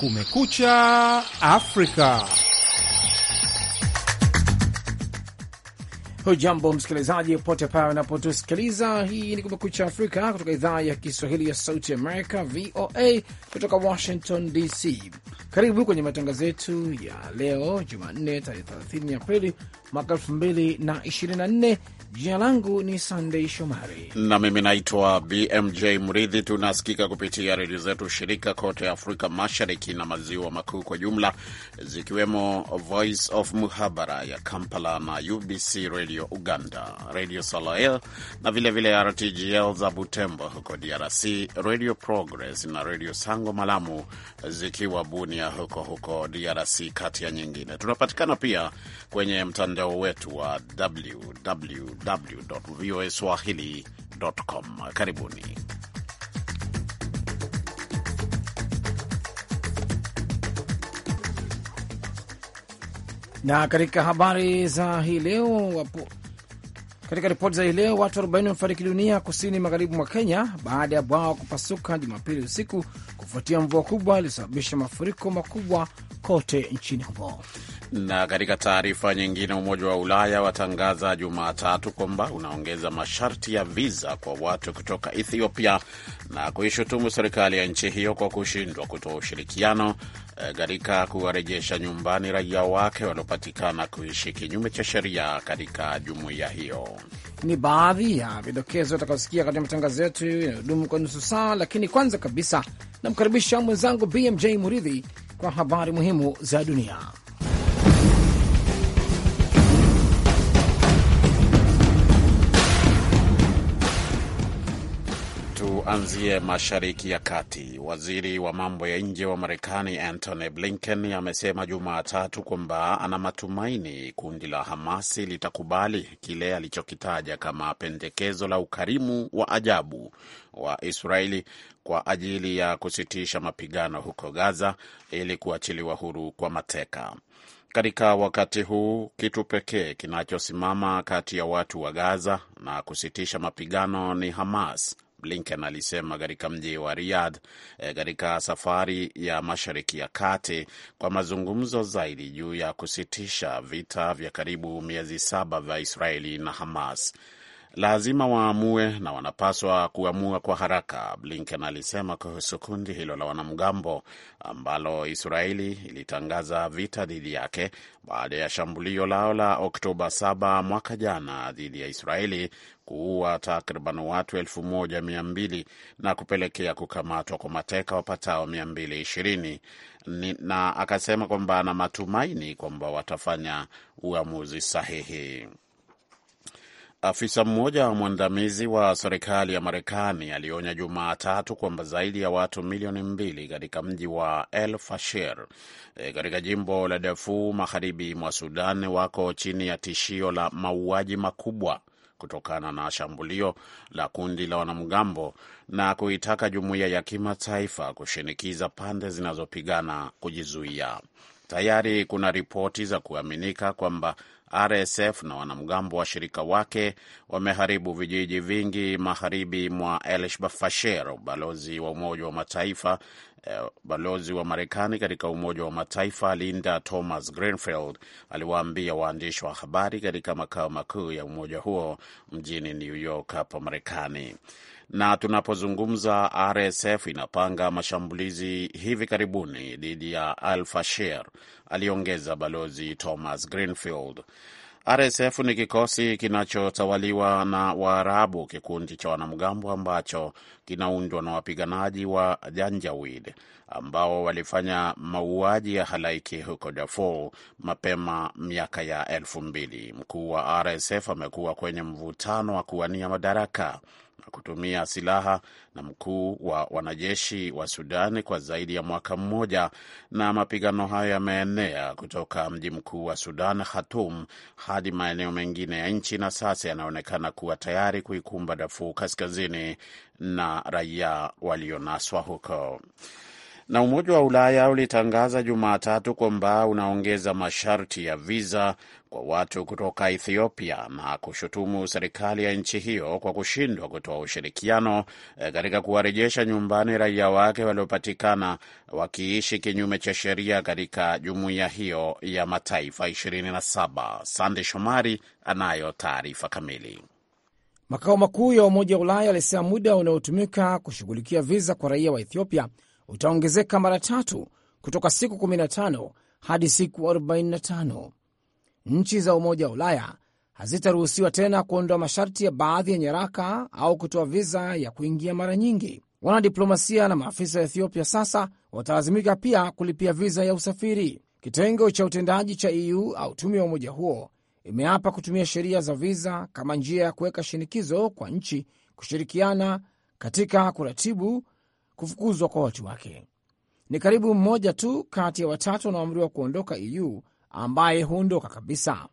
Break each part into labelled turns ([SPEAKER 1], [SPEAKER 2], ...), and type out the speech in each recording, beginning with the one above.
[SPEAKER 1] Kumekucha Afrika.
[SPEAKER 2] Hujambo msikilizaji, popote pale unapotusikiliza. Hii ni Kumekucha Afrika kutoka idhaa ya Kiswahili ya Sauti Amerika, VOA, kutoka Washington DC. Karibu kwenye matangazo yetu ya leo Jumanne, tarehe 30 Aprili mwaka 2024. Jina langu ni Sandei Shomari
[SPEAKER 3] na mimi naitwa BMJ Mridhi. Tunasikika kupitia redio zetu shirika kote Afrika Mashariki na Maziwa Makuu kwa jumla, zikiwemo Voice of Muhabara ya Kampala na UBC radio Uganda, Redio Salael na vilevile vile RTGL za Butembo huko DRC, Radio Progress na Radio Sango Malamu zikiwa Bunia Kenya, huko huko DRC kati ya nyingine. Tunapatikana pia kwenye mtandao wetu wa www.voaswahili.com. Karibuni.
[SPEAKER 2] Na katika habari za hii leo wapo katika ripoti za hii leo, watu 40 wamefariki dunia kusini magharibi mwa Kenya baada ya bwawa kupasuka Jumapili usiku kufuatia mvua kubwa ilisababisha mafuriko makubwa kote nchini humo.
[SPEAKER 3] Na katika taarifa nyingine, Umoja wa Ulaya watangaza Jumatatu kwamba unaongeza masharti ya viza kwa watu kutoka Ethiopia na kuishutumu serikali ya nchi hiyo kwa kushindwa kutoa ushirikiano eh, katika kuwarejesha nyumbani raia wake waliopatikana kuishi kinyume cha sheria katika jumuiya hiyo.
[SPEAKER 2] Ni baadhi ya vidokezo utakaosikia katika matangazo yetu yanayodumu kwa nusu saa, lakini kwanza kabisa namkaribisha mwenzangu BMJ Muridhi kwa habari muhimu za dunia.
[SPEAKER 3] Tuanzie mashariki ya kati. Waziri wa mambo ya nje wa Marekani Antony Blinken amesema Jumatatu kwamba ana matumaini kundi la Hamasi litakubali kile alichokitaja kama pendekezo la ukarimu wa ajabu wa Israeli kwa ajili ya kusitisha mapigano huko Gaza ili kuachiliwa huru kwa mateka. Katika wakati huu, kitu pekee kinachosimama kati ya watu wa Gaza na kusitisha mapigano ni Hamas, Blinken alisema katika mji wa Riyadh eh, katika safari ya Mashariki ya Kati kwa mazungumzo zaidi juu ya kusitisha vita vya karibu miezi saba vya Israeli na Hamas lazima waamue na wanapaswa kuamua kwa haraka, Blinken alisema kuhusu kundi hilo la wanamgambo ambalo Israeli ilitangaza vita dhidi yake baada ya shambulio lao la Oktoba 7 mwaka jana dhidi ya Israeli kuua takriban watu 1200 na kupelekea kukamatwa kwa mateka wapatao 220 na akasema kwamba ana matumaini kwamba watafanya uamuzi sahihi. Afisa mmoja wa mwandamizi wa serikali ya Marekani alionya Jumatatu kwamba zaidi ya watu milioni mbili katika mji wa El Fasher e, katika jimbo la Dafu magharibi mwa Sudan wako chini ya tishio la mauaji makubwa kutokana na shambulio la kundi la wanamgambo na kuitaka jumuiya ya kimataifa kushinikiza pande zinazopigana kujizuia. Tayari kuna ripoti za kuaminika kwamba RSF na wanamgambo washirika wake wameharibu vijiji vingi magharibi mwa El Balozi wa Umoja wa Mataifa eh, balozi wa Marekani katika Umoja wa Mataifa Linda Thomas Greenfield aliwaambia waandishi wa habari katika makao makuu ya umoja huo mjini New York hapa Marekani. Na tunapozungumza, RSF inapanga mashambulizi hivi karibuni dhidi ya Alfashir, Fasher, aliongeza Balozi Thomas Greenfield. RSF ni kikosi kinachotawaliwa na Waarabu, kikundi cha wanamgambo ambacho kinaundwa na wapiganaji wa Janjawid ambao walifanya mauaji ya halaiki huko Darfur mapema miaka ya elfu mbili. Mkuu wa RSF amekuwa kwenye mvutano wa kuwania madaraka kutumia silaha na mkuu wa wanajeshi wa Sudan kwa zaidi ya mwaka mmoja, na mapigano hayo yameenea kutoka mji mkuu wa Sudan, Khartoum, hadi maeneo mengine ya nchi na sasa yanaonekana kuwa tayari kuikumba Darfur Kaskazini na raia walionaswa huko. Na Umoja wa Ulaya ulitangaza Jumatatu kwamba unaongeza masharti ya viza kwa watu kutoka Ethiopia na kushutumu serikali ya nchi hiyo kwa kushindwa kutoa ushirikiano eh, katika kuwarejesha nyumbani raia wake waliopatikana wakiishi kinyume cha sheria katika jumuiya hiyo ya mataifa 27. Sande Shomari anayo taarifa kamili.
[SPEAKER 2] Makao makuu ya Umoja wa Ulaya alisema muda unaotumika kushughulikia viza kwa raia wa Ethiopia utaongezeka mara tatu kutoka siku 15 hadi siku 45. Nchi za Umoja wa Ulaya hazitaruhusiwa tena kuondoa masharti ya baadhi ya nyaraka au kutoa viza ya kuingia mara nyingi. Wanadiplomasia na maafisa wa Ethiopia sasa watalazimika pia kulipia viza ya usafiri. Kitengo cha utendaji cha EU au tume wa umoja huo imeapa kutumia sheria za viza kama njia ya kuweka shinikizo kwa nchi kushirikiana katika kuratibu kufukuzwa kwa watu wake. Ni karibu mmoja tu kati ya watatu wanaoamriwa kuondoka EU ambaye huondoka kabisa.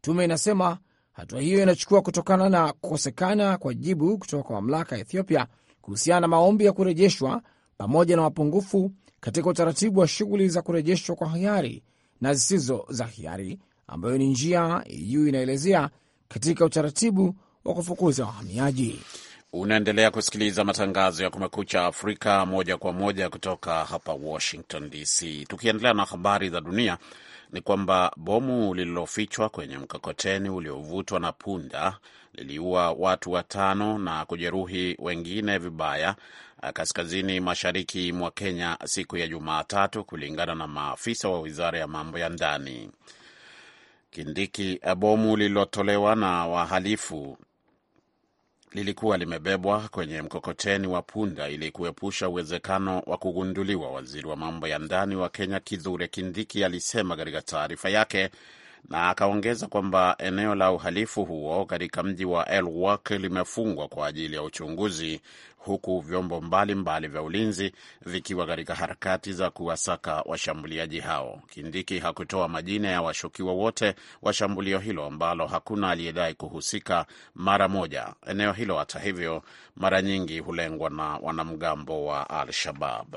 [SPEAKER 2] Tume inasema hatua hiyo inachukua kutokana na kukosekana kwa jibu kutoka kwa mamlaka ya Ethiopia kuhusiana na maombi ya kurejeshwa pamoja na mapungufu katika utaratibu wa shughuli za kurejeshwa kwa hiari na zisizo za hiari, ambayo ni njia EU inaelezea katika utaratibu wa kufukuza wahamiaji.
[SPEAKER 3] Unaendelea kusikiliza matangazo ya Kumekucha Afrika moja kwa moja kutoka hapa Washington DC. Tukiendelea na habari za dunia, ni kwamba bomu lililofichwa kwenye mkokoteni uliovutwa na punda liliua watu watano na kujeruhi wengine vibaya kaskazini mashariki mwa Kenya siku ya Jumatatu, kulingana na maafisa wa wizara ya mambo ya ndani. Kindiki, bomu lililotolewa na wahalifu lilikuwa limebebwa kwenye mkokoteni wa punda ili kuepusha uwezekano wa kugunduliwa, waziri wa mambo ya ndani wa Kenya Kithure Kindiki alisema katika taarifa yake, na akaongeza kwamba eneo la uhalifu huo katika mji wa Elwak limefungwa kwa ajili ya uchunguzi huku vyombo mbalimbali mbali vya ulinzi vikiwa katika harakati za kuwasaka washambuliaji hao. Kindiki hakutoa majina ya washukiwa wote wa shambulio hilo ambalo hakuna aliyedai kuhusika mara moja. Eneo hilo hata hivyo, mara nyingi hulengwa na wanamgambo wa Al-Shabab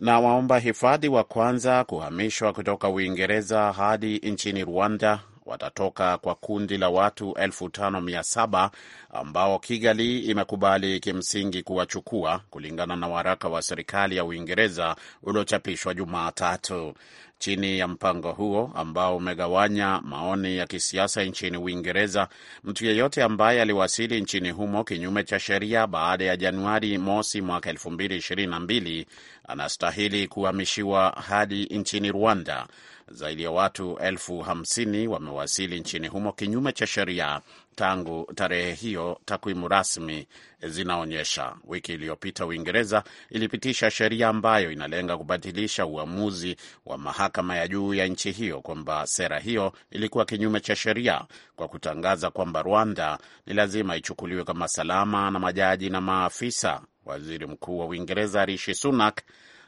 [SPEAKER 3] na waomba hifadhi wa kwanza kuhamishwa kutoka Uingereza hadi nchini Rwanda watatoka kwa kundi la watu 5700 ambao Kigali imekubali kimsingi kuwachukua kulingana na waraka wa serikali ya Uingereza uliochapishwa Jumatatu. Chini ya mpango huo ambao umegawanya maoni ya kisiasa nchini Uingereza, mtu yeyote ambaye aliwasili nchini humo kinyume cha sheria baada ya Januari mosi mwaka 2022 anastahili kuhamishiwa hadi nchini Rwanda zaidi ya watu elfu hamsini wamewasili nchini humo kinyume cha sheria tangu tarehe hiyo, takwimu rasmi zinaonyesha. Wiki iliyopita Uingereza ilipitisha sheria ambayo inalenga kubatilisha uamuzi wa mahakama ya juu ya nchi hiyo kwamba sera hiyo ilikuwa kinyume cha sheria kwa kutangaza kwamba Rwanda ni lazima ichukuliwe kama salama na majaji na maafisa. Waziri Mkuu wa Uingereza Rishi Sunak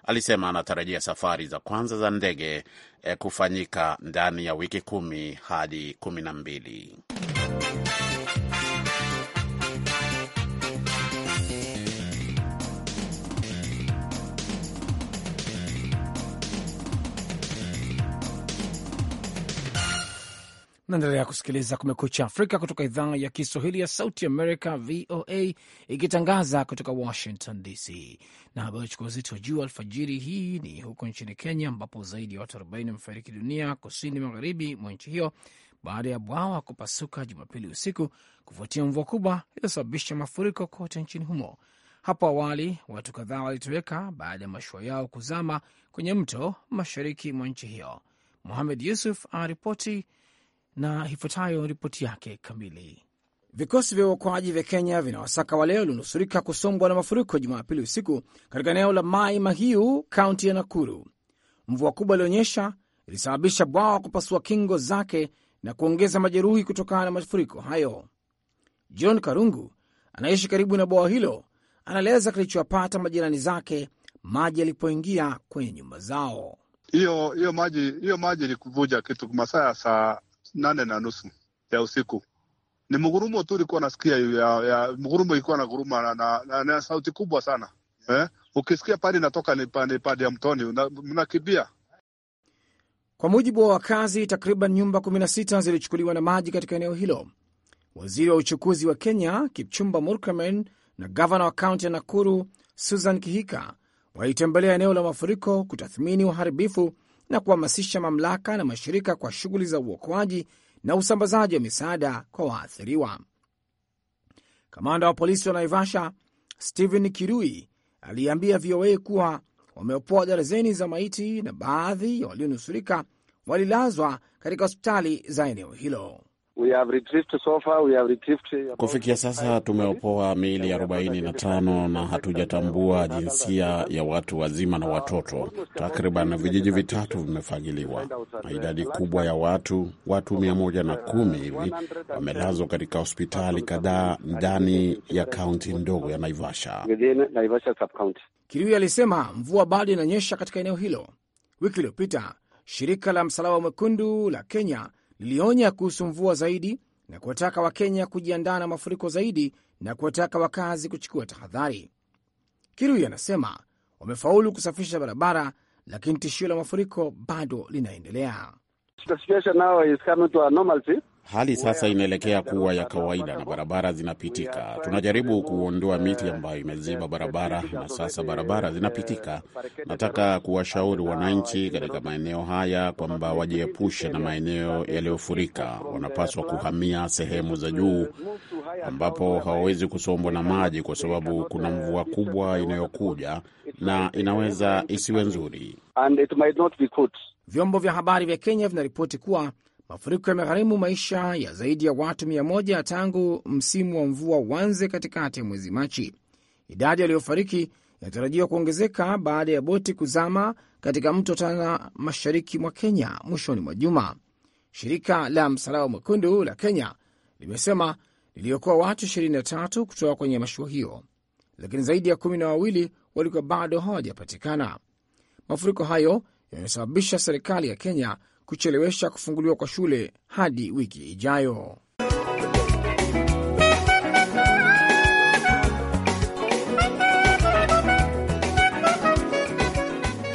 [SPEAKER 3] alisema anatarajia safari za kwanza za ndege eh, kufanyika ndani ya wiki kumi hadi kumi na mbili.
[SPEAKER 2] Naendelea kusikiliza Kumekucha Afrika kutoka idhaa ya Kiswahili ya Sauti Amerika, VOA, ikitangaza kutoka Washington DC. Na habari chukua uzito wa juu alfajiri hii ni huko nchini Kenya, ambapo zaidi ya watu 40 wamefariki dunia kusini magharibi mwa nchi hiyo baada ya bwawa kupasuka Jumapili usiku kufuatia mvua kubwa iliyosababisha mafuriko kote nchini humo. Hapo awali watu kadhaa walitoweka baada ya mashua yao kuzama kwenye mto mashariki mwa nchi hiyo. Muhamed Yusuf aripoti na ifuatayo ripoti yake kamili. Vikosi vya uokoaji vya Kenya vinawasaka wale walionusurika kusombwa na mafuriko Jumapili usiku katika eneo la Mai Mahiu, kaunti ya Nakuru. Mvua kubwa ilionyesha ilisababisha bwawa kupasua kingo zake na kuongeza majeruhi kutokana na mafuriko hayo. John Karungu anaishi karibu na bwawa hilo, anaeleza kilichowapata majirani zake maji yalipoingia kwenye nyumba zao.
[SPEAKER 1] Hiyo maji hiyo maji ilikuvuja kitu masaa ya saa nane na nusu ya usiku. Ni mgurumo tu ulikuwa nasikia ya, ya mgurumo ilikuwa na guruma na, na, na, na sauti kubwa sana eh? Ukisikia padi inatoka ni padi ya mtoni, mnakibia Kwa
[SPEAKER 2] mujibu wa wakazi, takriban nyumba 16 zilichukuliwa na maji katika eneo hilo. Waziri wa uchukuzi wa Kenya Kipchumba Murkomen na gavana wa kaunti ya Nakuru Susan Kihika walitembelea eneo la mafuriko kutathmini uharibifu na kuhamasisha mamlaka na mashirika kwa shughuli za uokoaji na usambazaji wa misaada kwa waathiriwa. Kamanda wa polisi wa Naivasha Stephen Kirui aliambia VOA kuwa wameopoa darazeni za maiti na baadhi ya walionusurika walilazwa katika hospitali za eneo hilo.
[SPEAKER 1] Uh,
[SPEAKER 3] Kufikia sasa tumeopoa miili arobaini na tano na hatujatambua jinsia ya watu wazima na watoto. Takriban vijiji vitatu vimefagiliwa na uh, idadi kubwa ya watu, watu mia moja na uh, kumi hivi wamelazwa katika hospitali kadhaa ndani ya kaunti ndogo ya Naivasha.
[SPEAKER 2] Kirui alisema mvua bado inanyesha katika eneo hilo. Wiki iliyopita shirika la Msalaba Mwekundu la Kenya lilionya kuhusu mvua zaidi na kuwataka Wakenya kujiandaa na mafuriko zaidi na kuwataka wakazi kuchukua tahadhari. Kirui anasema wamefaulu kusafisha barabara, lakini tishio la mafuriko bado linaendelea.
[SPEAKER 1] The situation now is coming to a normalcy.
[SPEAKER 3] Hali sasa inaelekea kuwa ya kawaida na barabara zinapitika. Tunajaribu kuondoa miti ambayo imeziba barabara na sasa barabara zinapitika. Nataka kuwashauri wananchi katika maeneo haya kwamba wajiepushe na maeneo yaliyofurika. Wanapaswa kuhamia sehemu za juu ambapo hawawezi kusombwa na maji, kwa sababu kuna mvua kubwa inayokuja na inaweza isiwe nzuri.
[SPEAKER 2] Vyombo vya habari vya Kenya vinaripoti kuwa Mafuriko yamegharimu maisha ya zaidi ya watu mia moja tangu msimu wa mvua uanze katikati ya mwezi Machi. Idadi yaliyofariki inatarajiwa kuongezeka baada ya boti kuzama katika mto Tana mashariki mwa Kenya mwishoni mwa juma. Shirika la Msalaba Mwekundu la Kenya limesema liliokoa watu 23 kutoka kwenye mashua hiyo, lakini zaidi ya kumi na wawili walikuwa bado hawajapatikana. Mafuriko hayo yamesababisha serikali ya Kenya kuchelewesha kufunguliwa kwa shule hadi wiki ijayo.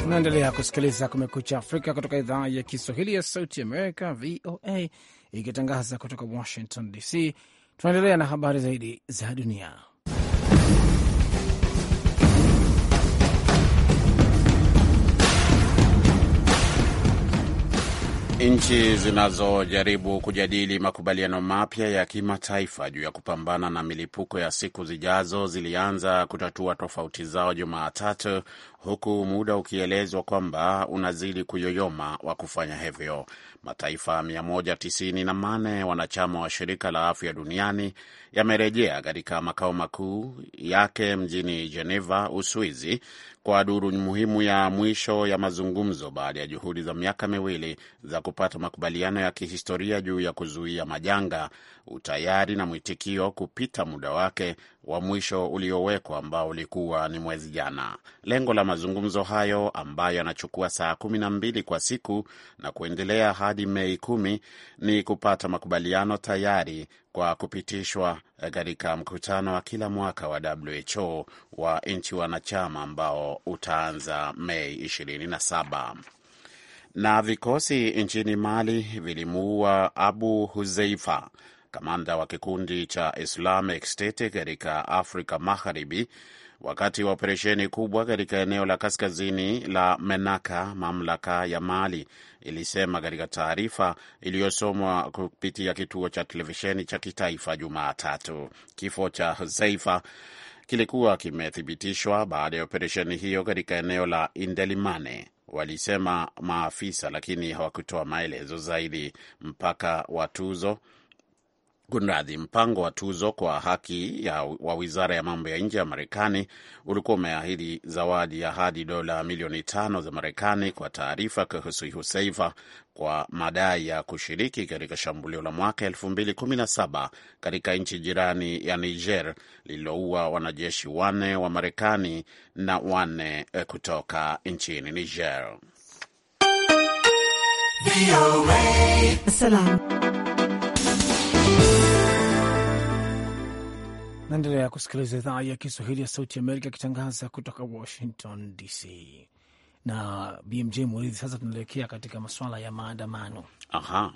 [SPEAKER 2] Naendelea kusikiliza Kumekucha Afrika kutoka idhaa ya Kiswahili ya Sauti Amerika, VOA, ikitangaza kutoka Washington DC. Tunaendelea na habari zaidi za dunia.
[SPEAKER 3] Nchi zinazojaribu kujadili makubaliano mapya ya kimataifa juu ya kupambana na milipuko ya siku zijazo zilianza kutatua tofauti zao Jumatatu, huku muda ukielezwa kwamba unazidi kuyoyoma wa kufanya hivyo. Mataifa 198 wanachama wa shirika la afya duniani yamerejea katika makao makuu yake mjini Geneva, Uswizi, kwa duru muhimu ya mwisho ya mazungumzo baada ya juhudi za miaka miwili za kupata makubaliano ya kihistoria juu ya kuzuia majanga, utayari na mwitikio kupita muda wake wa mwisho uliowekwa ambao ulikuwa ni mwezi jana. Lengo la mazungumzo hayo ambayo yanachukua saa kumi na mbili kwa siku na kuendelea hadi Mei kumi ni kupata makubaliano tayari kwa kupitishwa eh, katika mkutano wa kila mwaka wa WHO wa nchi wanachama ambao utaanza Mei 27 na vikosi nchini Mali vilimuua Abu Huzeifa, kamanda wa kikundi cha Islamic State katika Afrika Magharibi wakati wa operesheni kubwa katika eneo la kaskazini la Menaka, mamlaka ya Mali ilisema katika taarifa iliyosomwa kupitia kituo cha televisheni cha kitaifa Jumatatu. Kifo cha huseifa kilikuwa kimethibitishwa baada ya operesheni hiyo katika eneo la Indelimane, walisema maafisa, lakini hawakutoa maelezo zaidi. Mpaka wa tuzo Kunradhi, mpango wa tuzo kwa haki ya wa wizara ya mambo ya nje ya Marekani ulikuwa umeahidi zawadi ya hadi dola milioni tano za Marekani kwa taarifa kuhusu Huseifa kwa madai ya kushiriki katika shambulio la mwaka elfu mbili kumi na saba katika nchi jirani ya Niger lililoua wanajeshi wanne wa Marekani na wanne eh, kutoka nchini Niger.
[SPEAKER 2] Naendelea kusikiliza idhaa ya Kiswahili ya Sauti Amerika ikitangaza kutoka Washington DC na BMJ Muridhi. Sasa tunaelekea katika masuala ya maandamano.
[SPEAKER 3] Aha,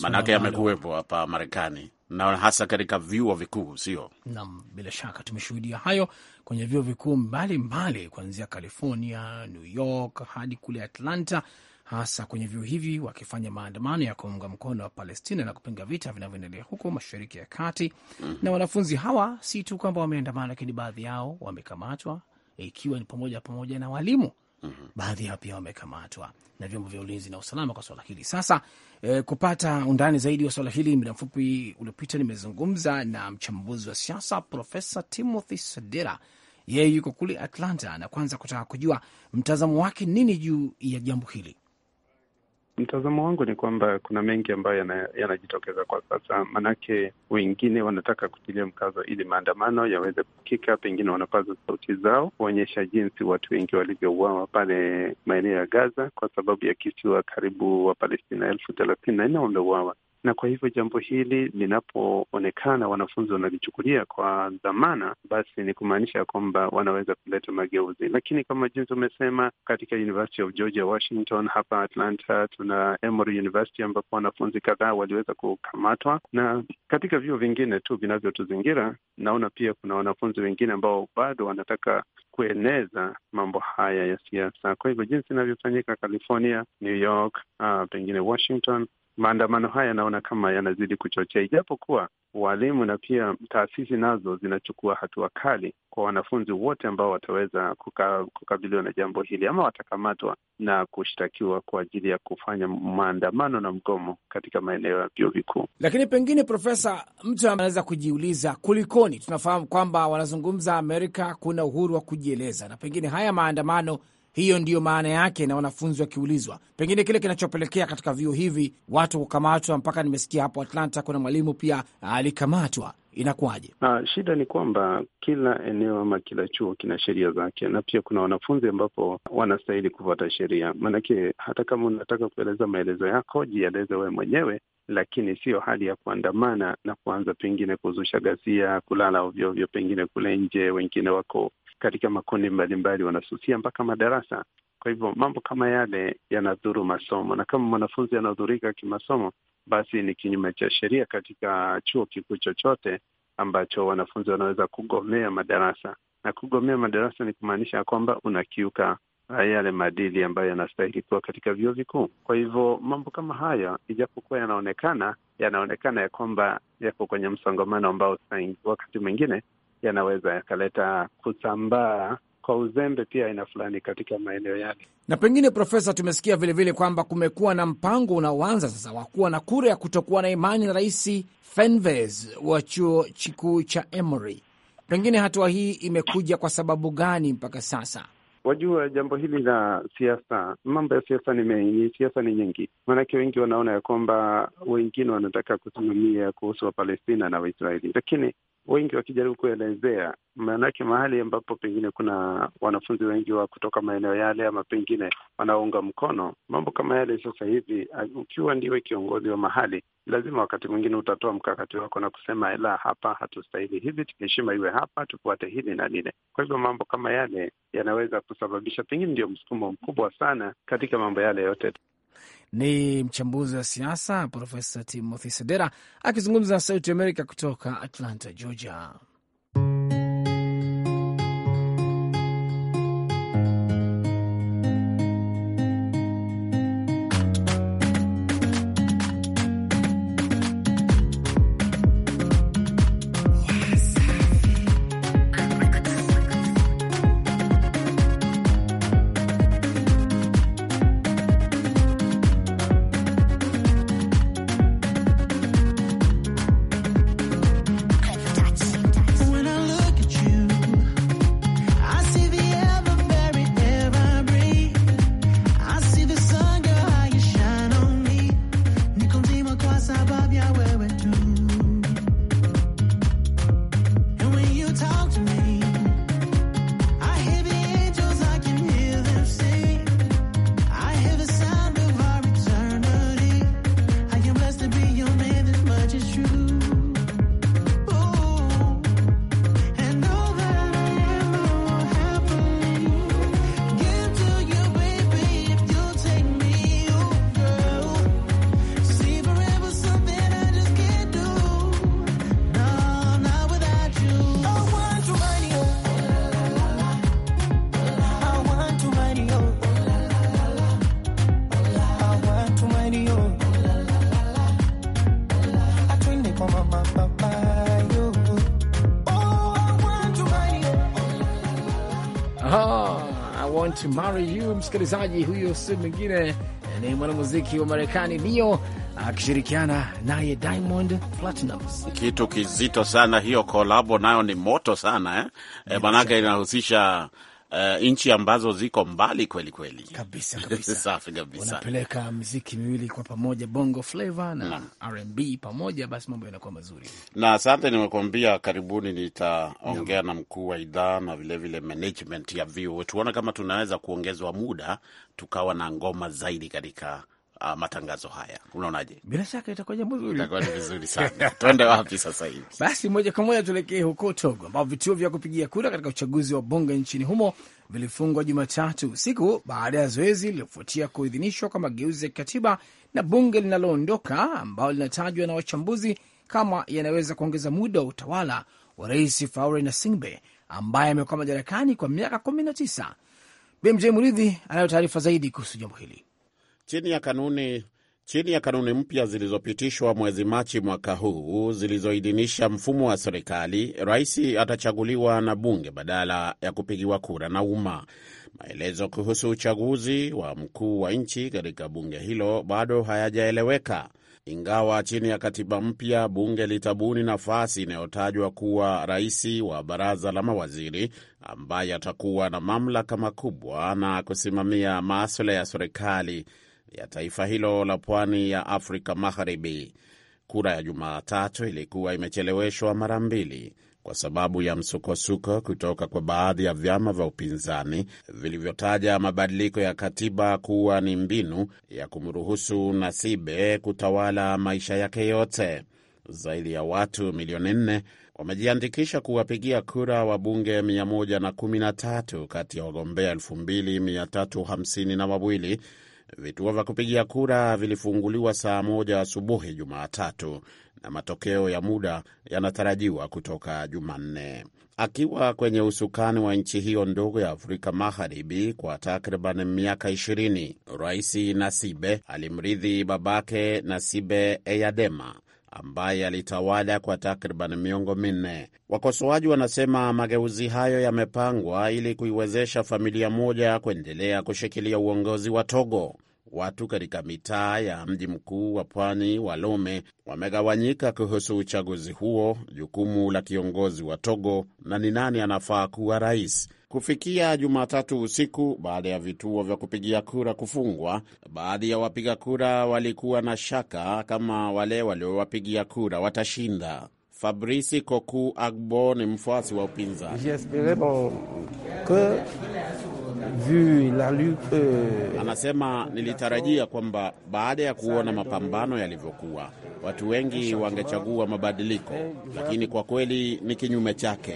[SPEAKER 3] maanake yamekuwepo hapa Marekani na hasa katika vyuo vikuu, sio
[SPEAKER 2] nam? Bila shaka tumeshuhudia hayo kwenye vyuo vikuu mbalimbali, kuanzia California, New York hadi kule Atlanta hasa kwenye vyuo hivi wakifanya maandamano ya kuunga mkono wa Palestina na kupinga vita vinavyoendelea huko Mashariki ya Kati. mm -hmm. Na wanafunzi hawa si tu kwamba wameandamana, lakini baadhi yao wamekamatwa, ikiwa ni pamoja pamoja na walimu mm -hmm. Baadhi yao pia wamekamatwa na vyombo vya ulinzi na usalama kwa swala hili sasa. Eh, kupata undani zaidi wa swala hili, muda mfupi uliopita nimezungumza na mchambuzi wa siasa Profesa Timothy Sadera yeye yuko kule Atlanta na kwanza kutaka kujua mtazamo wake nini juu ya jambo hili.
[SPEAKER 1] Mtazamo wangu ni kwamba kuna mengi ambayo yanajitokeza yana kwa sasa, maanake wengine wanataka kutilia mkazo ili maandamano yaweze kukika, pengine wanapaza sauti zao kuonyesha jinsi watu wengi walivyouawa pale maeneo ya Gaza kwa sababu ya kisiwa, karibu Wapalestina elfu thelathini na nne wameuawa na kwa hivyo jambo hili linapoonekana wanafunzi wanalichukulia kwa dhamana, basi ni kumaanisha kwamba wanaweza kuleta mageuzi. Lakini kama jinsi umesema, katika University of Georgia Washington hapa Atlanta tuna Emory University ambapo wanafunzi kadhaa waliweza kukamatwa, na katika vyuo vingine tu vinavyotuzingira naona pia kuna wanafunzi wengine ambao bado wanataka kueneza mambo haya ya siasa. Kwa hivyo jinsi inavyofanyika California, New York, uh, pengine Washington maandamano haya yanaona kama yanazidi kuchochea, ijapokuwa walimu na pia taasisi nazo zinachukua hatua kali kwa wanafunzi wote ambao wataweza kuka, kukabiliwa na jambo hili ama watakamatwa na kushtakiwa kwa ajili ya kufanya maandamano na mgomo katika maeneo ya vyuo vikuu.
[SPEAKER 2] Lakini pengine, Profesa, mtu anaweza kujiuliza kulikoni? Tunafahamu kwamba wanazungumza Amerika kuna uhuru wa kujieleza, na pengine haya maandamano hiyo ndiyo maana yake, na wanafunzi wakiulizwa, pengine kile kinachopelekea katika vyuo hivi watu kukamatwa, mpaka nimesikia hapo Atlanta kuna mwalimu pia alikamatwa. Inakuwaje?
[SPEAKER 1] shida ni kwamba kila eneo ama kila chuo kina sheria zake, na pia kuna wanafunzi ambapo wanastahili kufuata sheria. Maanake hata kama unataka kueleza maelezo yako, jieleze wewe mwenyewe, lakini sio hali ya kuandamana na kuanza pengine kuzusha ghasia, kulala ovyoovyo, pengine kule nje, wengine wako katika makundi mbalimbali, wanasusia mpaka madarasa. Kwa hivyo mambo kama yale yanadhuru masomo, na kama mwanafunzi anadhurika kimasomo, basi ni kinyume cha sheria katika chuo kikuu chochote ambacho wanafunzi wanaweza kugomea madarasa, na kugomea madarasa ni kumaanisha kwamba unakiuka yale maadili ambayo yanastahili kuwa katika vyuo vikuu. Kwa hivyo mambo kama haya, ijapokuwa yanaonekana yanaonekana ya kwamba yako kwenye msongamano ambao wakati mwingine yanaweza yakaleta kusambaa kwa uzembe pia aina fulani katika maeneo yake.
[SPEAKER 2] Na pengine, Profesa, tumesikia vilevile kwamba kumekuwa na mpango unaoanza sasa wa kuwa na kura ya kutokuwa na imani na Rais Fenves wa chuo kikuu cha Emory. Pengine hatua hii imekuja kwa sababu gani mpaka sasa?
[SPEAKER 1] Wajua, jambo hili la siasa, mambo ya siasa ni mengi, siasa ni nyingi, maanake wengi wanaona ya kwamba wengine wanataka kusimamia kuhusu Wapalestina na Waisraeli, lakini wengi wakijaribu kuelezea, maanake mahali ambapo pengine kuna wanafunzi wengi wa kutoka maeneo yale ama pengine wanaunga mkono mambo kama yale. Sasa hivi ah, ukiwa ndiwe kiongozi wa mahali, lazima wakati mwingine utatoa mkakati wako na kusema, la, hapa hatustahili hivi, heshima iwe hapa, tufuate hili na lile. Kwa hivyo mambo kama yale yanaweza kusababisha pengine ndio msukumo mkubwa sana katika mambo yale yote.
[SPEAKER 2] Ni mchambuzi wa siasa Profesa Timothy Sedera akizungumza na Sauti Amerika kutoka Atlanta, Georgia. Marry You. Msikilizaji huyo si mwingine eh, ni mwanamuziki wa Marekani Nio akishirikiana naye Diamond Platnumz.
[SPEAKER 3] Kitu kizito sana hiyo kolabo, nayo ni moto sana eh? E, manake inahusisha uh, nchi ambazo ziko mbali kweli kweli kabisa kabisa. Safi kabisa,
[SPEAKER 2] mziki miwili kwa pamoja, bongo flava na mm, R&B pamoja, basi mambo yanakuwa mazuri.
[SPEAKER 3] Na asante, nimekuambia karibuni nitaongea no, na mkuu wa idhaa na vilevile management ya VOA tuona kama tunaweza kuongezwa muda tukawa na ngoma zaidi katika uh, matangazo haya. Unaonaje?
[SPEAKER 2] Bila shaka itakuwa jambo zuri, itakuwa ni
[SPEAKER 3] vizuri sana. Tuende wapi sasa hivi?
[SPEAKER 2] Basi moja kwa moja tuelekee huko Togo, ambapo vituo vya kupigia kura katika uchaguzi wa bunge nchini humo vilifungwa Jumatatu usiku baada ya zoezi lililofuatia kuidhinishwa kwa mageuzi ya kikatiba na bunge linaloondoka, ambalo linatajwa na wachambuzi kama yanaweza kuongeza muda wa utawala wa Rais Faure Gnassingbe ambaye amekuwa madarakani kwa miaka kumi na tisa. BMJ Muridhi anayo taarifa zaidi kuhusu jambo hili chini ya kanuni
[SPEAKER 3] chini ya kanuni mpya zilizopitishwa mwezi Machi mwaka huu zilizoidhinisha mfumo wa serikali, rais atachaguliwa na bunge badala ya kupigiwa kura na umma. Maelezo kuhusu uchaguzi wa mkuu wa nchi katika bunge hilo bado hayajaeleweka, ingawa chini ya katiba mpya bunge litabuni nafasi inayotajwa kuwa rais wa baraza la mawaziri ambaye atakuwa na mamlaka makubwa na kusimamia maswala ya serikali ya taifa hilo la pwani ya Afrika Magharibi. Kura ya Jumatatu ilikuwa imecheleweshwa mara mbili kwa sababu ya msukosuko kutoka kwa baadhi ya vyama vya upinzani vilivyotaja mabadiliko ya katiba kuwa ni mbinu ya kumruhusu Nasibe kutawala maisha yake yote. Zaidi ya watu milioni nne wamejiandikisha kuwapigia kura wabunge 113 kati ya wagombea 2352 Vituo vya kupigia kura vilifunguliwa saa moja asubuhi Jumatatu na matokeo ya muda yanatarajiwa kutoka Jumanne. Akiwa kwenye usukani wa nchi hiyo ndogo ya Afrika Magharibi kwa takriban miaka ishirini, Rais Nasibe alimrithi babake Nasibe Eyadema ambaye alitawala kwa takriban miongo minne. Wakosoaji wanasema mageuzi hayo yamepangwa ili kuiwezesha familia moja kuendelea kushikilia uongozi wa Togo. Watu katika mitaa ya mji mkuu wa pwani wa Lome wamegawanyika kuhusu uchaguzi huo, jukumu la kiongozi wa Togo na ni nani anafaa kuwa rais. Kufikia Jumatatu usiku, baada ya vituo vya kupigia kura kufungwa, baadhi ya wapiga kura walikuwa na shaka kama wale waliowapigia kura watashinda. Fabrice Koku Agbo ni mfuasi wa upinzani.
[SPEAKER 1] Euh,
[SPEAKER 3] Anasema, nilitarajia kwamba baada ya kuona mapambano yalivyokuwa, watu wengi wangechagua mabadiliko, lakini kwa kweli ni kinyume chake.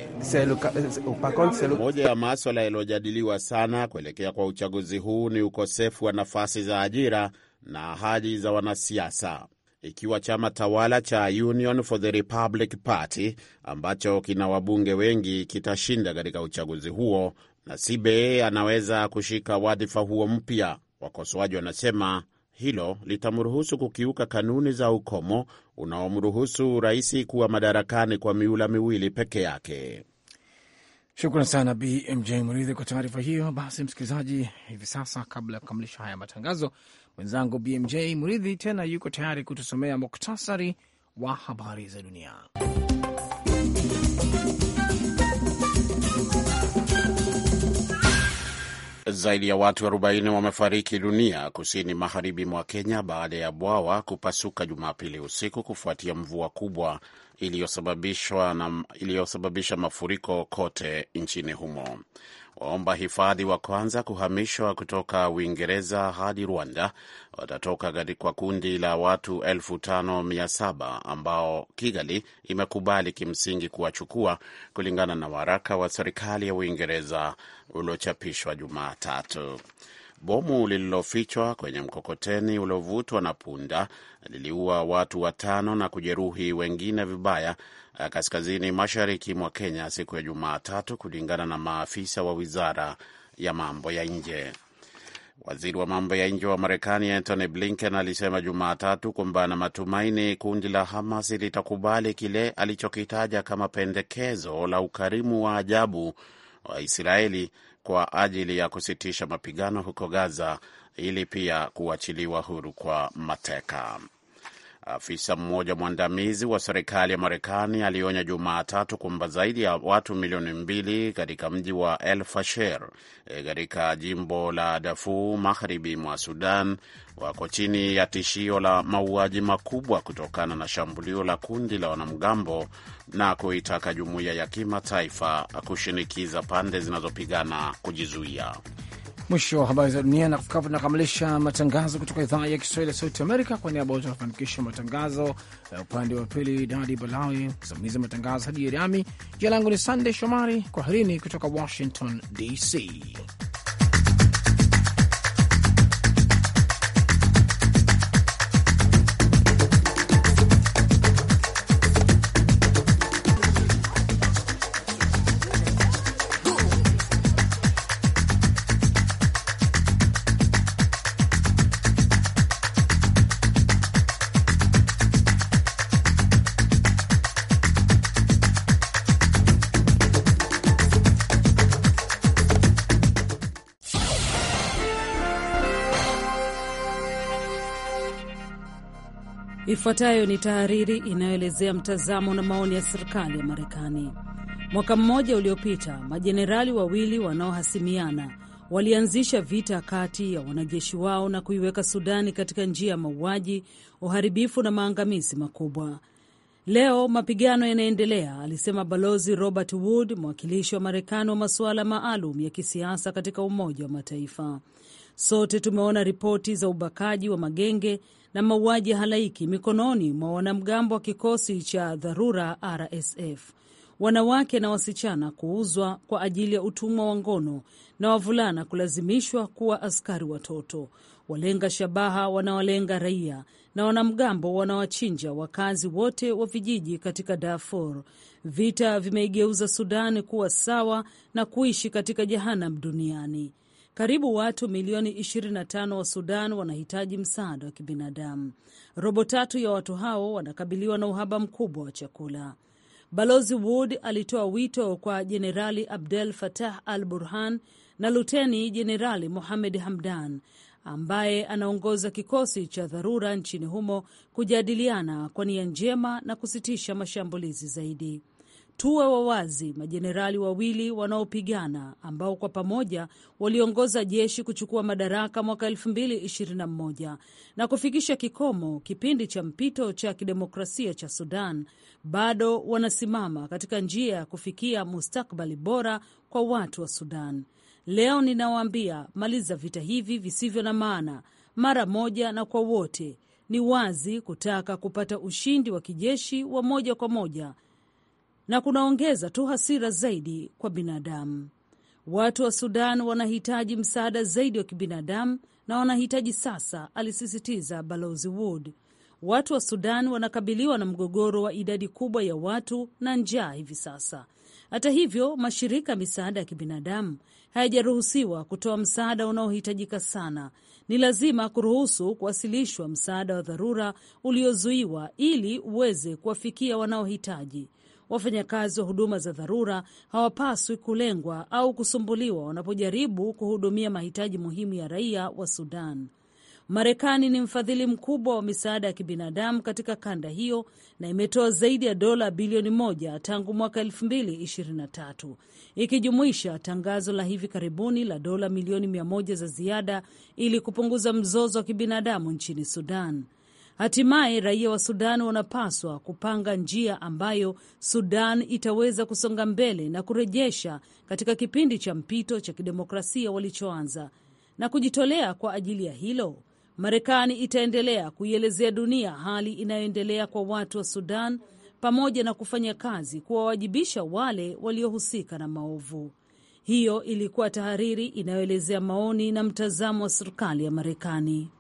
[SPEAKER 3] Moja ya maswala yaliyojadiliwa sana kuelekea kwa uchaguzi huu ni ukosefu wa nafasi za ajira na ahadi za wanasiasa ikiwa chama tawala cha Union for the Republic Party ambacho kina wabunge wengi kitashinda katika uchaguzi huo, na Sibe anaweza kushika wadhifa huo mpya. Wakosoaji wanasema hilo litamruhusu kukiuka kanuni za ukomo unaomruhusu rais kuwa madarakani kwa miula miwili peke yake.
[SPEAKER 2] Shukran sana BMJ Mridhi kwa taarifa hiyo. Basi msikilizaji, hivi sasa, kabla ya kukamilisha haya matangazo, Mwenzangu BMJ Mridhi tena yuko tayari kutusomea muktasari wa habari za dunia.
[SPEAKER 3] Zaidi ya watu 40 wamefariki dunia kusini magharibi mwa Kenya baada ya bwawa kupasuka Jumapili usiku kufuatia mvua kubwa iliyosababisha mafuriko kote nchini humo. Waomba hifadhi wa kwanza kuhamishwa kutoka Uingereza hadi Rwanda watatoka kwa kundi la watu elfu ambao Kigali imekubali kimsingi kuwachukua kulingana na waraka wa serikali ya Uingereza uliochapishwa Jumatatu. Bomu lililofichwa kwenye mkokoteni uliovutwa na punda liliua watu watano na kujeruhi wengine vibaya eh, kaskazini mashariki mwa Kenya siku ya Jumatatu, kulingana na maafisa wa wizara ya mambo ya nje. Waziri wa mambo ya nje wa Marekani Antony Blinken alisema Jumatatu kwamba ana matumaini kundi la Hamas litakubali kile alichokitaja kama pendekezo la ukarimu wa ajabu wa Israeli kwa ajili ya kusitisha mapigano huko Gaza ili pia kuachiliwa huru kwa mateka. Afisa mmoja mwandamizi wa serikali ya Marekani alionya Jumatatu kwamba zaidi ya watu milioni mbili katika mji wa El Fasher e, katika jimbo la dafu magharibi mwa Sudan wako chini ya tishio la mauaji makubwa kutokana na shambulio la kundi la wanamgambo na kuitaka jumuiya ya kimataifa kushinikiza pande zinazopigana kujizuia.
[SPEAKER 2] Mwisho wa habari za dunia, na kufika matangazo kutoka idhaa ya Kiswahili ya Sauti Amerika. Kwa niaba wote wanafanikisha matangazo ya eh, upande wa pili, Dadi Balawi msimamizi wa matangazo hadi Yerami. Jina langu ni Sandey Shomari, kwaherini kutoka Washington DC.
[SPEAKER 4] Ifuatayo ni tahariri inayoelezea mtazamo na maoni ya serikali ya Marekani. Mwaka mmoja uliopita, majenerali wawili wanaohasimiana walianzisha vita kati ya wanajeshi wao na kuiweka Sudani katika njia ya mauaji, uharibifu na maangamizi makubwa. Leo mapigano yanaendelea, alisema Balozi Robert Wood, mwakilishi wa Marekani wa masuala maalum ya kisiasa katika Umoja wa Mataifa. Sote tumeona ripoti za ubakaji wa magenge na mauaji halaiki mikononi mwa wanamgambo wa kikosi cha dharura RSF, wanawake na wasichana kuuzwa kwa ajili ya utumwa wa ngono na wavulana kulazimishwa kuwa askari watoto. Walenga shabaha wanawalenga raia na wanamgambo wanawachinja wakazi wote wa vijiji katika Darfur. Vita vimeigeuza Sudani kuwa sawa na kuishi katika jehanamu duniani. Karibu watu milioni 25 wa Sudan wanahitaji msaada wa kibinadamu. Robo tatu ya watu hao wanakabiliwa na uhaba mkubwa wa chakula. Balozi Wood alitoa wito kwa Jenerali Abdel Fattah al Burhan na Luteni Jenerali Mohamed Hamdan ambaye anaongoza kikosi cha dharura nchini humo kujadiliana kwa nia njema na kusitisha mashambulizi zaidi tuwe wawazi, majenerali wawili wanaopigana ambao kwa pamoja waliongoza jeshi kuchukua madaraka mwaka 2021 na kufikisha kikomo kipindi cha mpito cha kidemokrasia cha Sudan, bado wanasimama katika njia ya kufikia mustakbali bora kwa watu wa Sudan. Leo ninawaambia, maliza vita hivi visivyo na maana mara moja na kwa wote. Ni wazi kutaka kupata ushindi wa kijeshi wa moja kwa moja na kunaongeza tu hasira zaidi kwa binadamu. Watu wa Sudan wanahitaji msaada zaidi wa kibinadamu na wanahitaji sasa, alisisitiza Balozi Wood. Watu wa Sudan wanakabiliwa na mgogoro wa idadi kubwa ya watu na njaa hivi sasa. Hata hivyo, mashirika ya misaada ya kibinadamu hayajaruhusiwa kutoa msaada unaohitajika sana. Ni lazima kuruhusu kuwasilishwa msaada wa dharura uliozuiwa ili uweze kuwafikia wanaohitaji wafanyakazi wa huduma za dharura hawapaswi kulengwa au kusumbuliwa wanapojaribu kuhudumia mahitaji muhimu ya raia wa Sudan. Marekani ni mfadhili mkubwa wa misaada ya kibinadamu katika kanda hiyo na imetoa zaidi ya dola bilioni moja tangu mwaka 2023 ikijumuisha tangazo la hivi karibuni la dola milioni mia moja za ziada ili kupunguza mzozo wa kibinadamu nchini Sudan. Hatimaye raia wa Sudan wanapaswa kupanga njia ambayo Sudan itaweza kusonga mbele na kurejesha katika kipindi cha mpito cha kidemokrasia walichoanza, na kujitolea kwa ajili ya hilo. Marekani itaendelea kuielezea dunia hali inayoendelea kwa watu wa Sudan pamoja na kufanya kazi kuwawajibisha wale waliohusika na maovu. Hiyo ilikuwa tahariri inayoelezea maoni na mtazamo wa serikali ya Marekani.